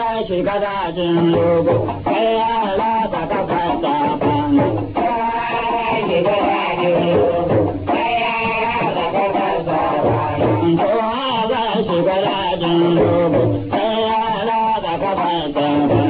da shi gada jin dogo sai ya lata ka fata ban sai ya dogo dogo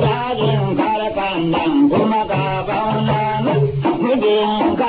dajin karfan nan kuma ka fauna mu ka